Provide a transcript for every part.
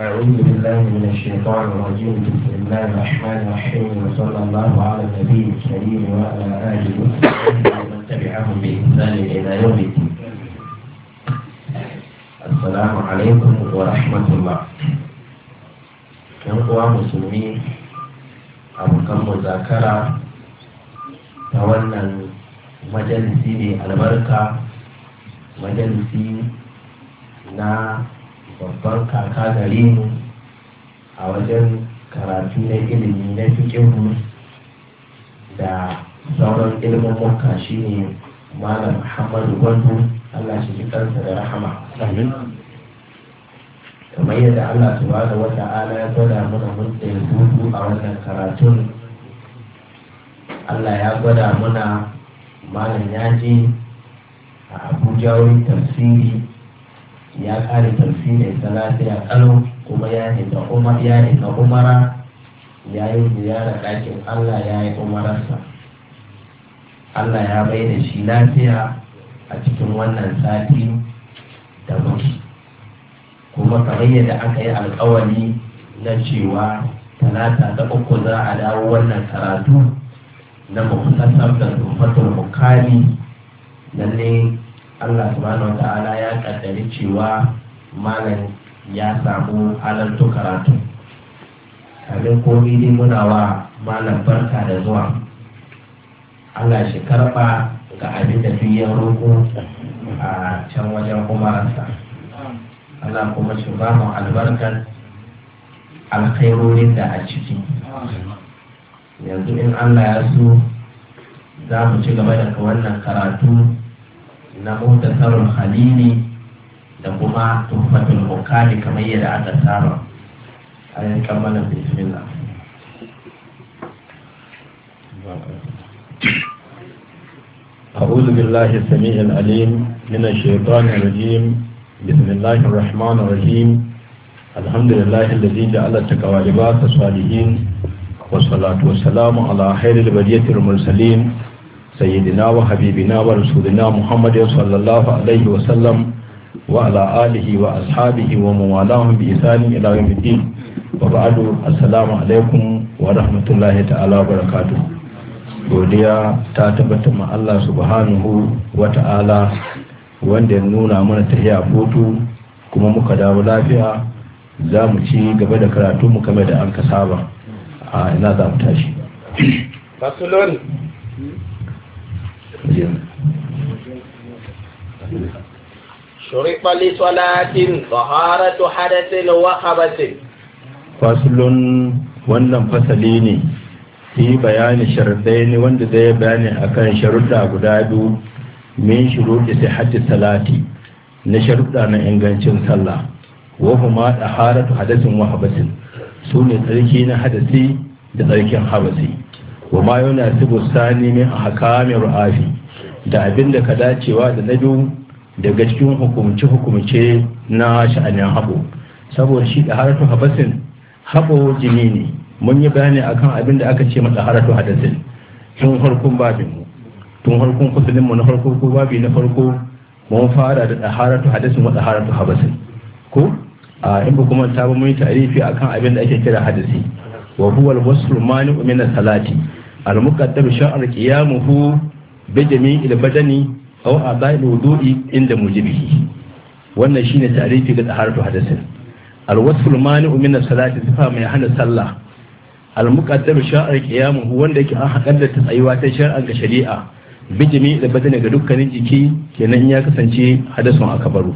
أعوذ بالله من الشيطان الرجيم بسم الله الرحمن الرحيم وصلى الله على النبي الكريم وعلى آله وصحبه ومن تبعهم بإحسان إلى يوم الدين السلام عليكم ورحمة الله ‘yan مسلمين musulmi كم مذاكرة تولى مجلسي البركة مجلسي نا na babban kaka gare mu a wajen karatu na ilimi na fiƙinmu da sauran ilimin mokka shi ne malam muhammadu gwandu allah shi fi kansa da rahama kamar yadda allah subhanahu wata ala ya gwada mana mun tsaye hutu a wannan karatun allah ya gwada mana malam ya je a abuja wurin tafsiri ya kare tafsirin ta lafiya kano kuma ya hita umar ya umara ya yi ziyara ɗakin Allah ya yi umararsa Allah ya bai da shi lafiya a cikin wannan sati da mutu kuma kamar yadda aka yi alkawari na cewa talata ta uku za a dawo wannan karatu na mukhtasar da tumfatar mukami lalle Allah subhanahu ta'ala ya kaddari cewa malam ya samu halartu karatu kamin komi dai muna wa malam barka da zuwa Allah shi karba ga abin da duk ya roƙo a can wajen umarsa Allah kuma shi ba mu albarkar alkhairorin da a ciki yanzu in Allah ya so za mu ci gaba da wannan karatu na mutasarul halili da kuma tuhfatul hukali kamar yadda aka saba a yin kammala bismillah أعوذ بالله السميع العليم من الشيطان الرجيم بسم الله الرحمن الرحيم الحمد لله الذي جعل التقوى لباس الصالحين والصلاة والسلام على خير البرية المرسلين سيدنا وحبيبنا ورسولنا محمد صلى الله عليه وسلم وعلى آله وأصحابه وموالاهم بإحسان إلى يوم الدين وبعد السلام عليكم ورحمة الله تعالى وبركاته godiya ta tabbatar ma Allah subhanahu wa ta'ala wanda ya nuna mana tahiya hutu kuma muka dawo lafiya za mu ci gaba da karatu mu kame da an kasaba a ina za mu tashi شرط لصلاة طهارة حدث وخبث فصل wannan fasali ne fi bayani sharadai ne wanda zai bayani akan sharuɗa guda biyu min shuruɗi sihhati salati na sharuɗa na ingancin sallah wa huma taharatu hadathin wa habasin sune tsarki na hadasi da tsarkin habasi wa ma yana sibu sani min hakamin ru'afi da abin da ka dacewa da na biyu daga cikin hukumce-hukumce na sha'anin haɓo saboda shi da haratu habasin haɓo jini ne mun yi bayani akan abin da aka ce mata haratu hadasin tun harkun babin mu tun harkun kusurin mu na harko ko babi na farko mun fara da haratu hadasin wata haratu habasin ko a in ba kuma ta ba mun yi tarifi akan abin da ake kira hadasi wa huwa al-wasl mani'u salati al-muqaddam shar'ar qiyamuhu bi jami'il badani aw a'dha'il wudu'i inda mujibihi wannan shine tarifi ga taharatu hadasin al-wasfu al-mani'u min as-salati sifa mai hana sallah al-muqaddam shar'ar qiyamuhu wanda yake an hakalla ta tsayuwa ta shar'ar ga shari'a bi jami'il badani ga dukkanin jiki kenan ya kasance hadasun baro.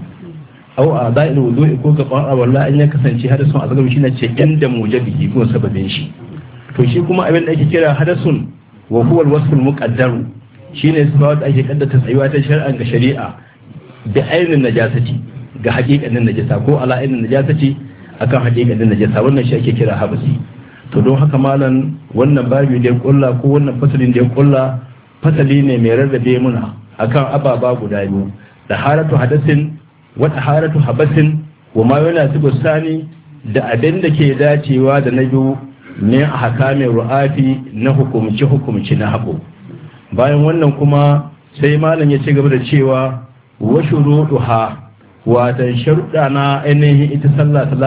au a da'il wudu'i ko ga fara wallahi in ya kasance hadasun azgabi shine ce inda mujabihi ko sababin shi to shi kuma abin da ake kira hadasun wa huwa alwasful muqaddaru shine sabawa da ake kaddata tsayuwa ta shar'an ga shari'a da ainin najasati ga haƙiƙanin najasa ko ala ainin najasati akan haƙiƙanin najasa wannan shi ake kira habasi to don haka malam wannan babu da ya ko wannan fasalin da ya kulla fasali ne mai rarrabe muna akan ababa guda biyu da haratu hadasin wa haratu habasin wa ma yana sani da abin da ke dacewa da na biyu ne a hakamin ru'afi na hukumci-hukumci na haƙo bayan wannan kuma sai malam ya ci gaba da cewa washu ruɗu ha watan sharuɗa na ainihin ita sallah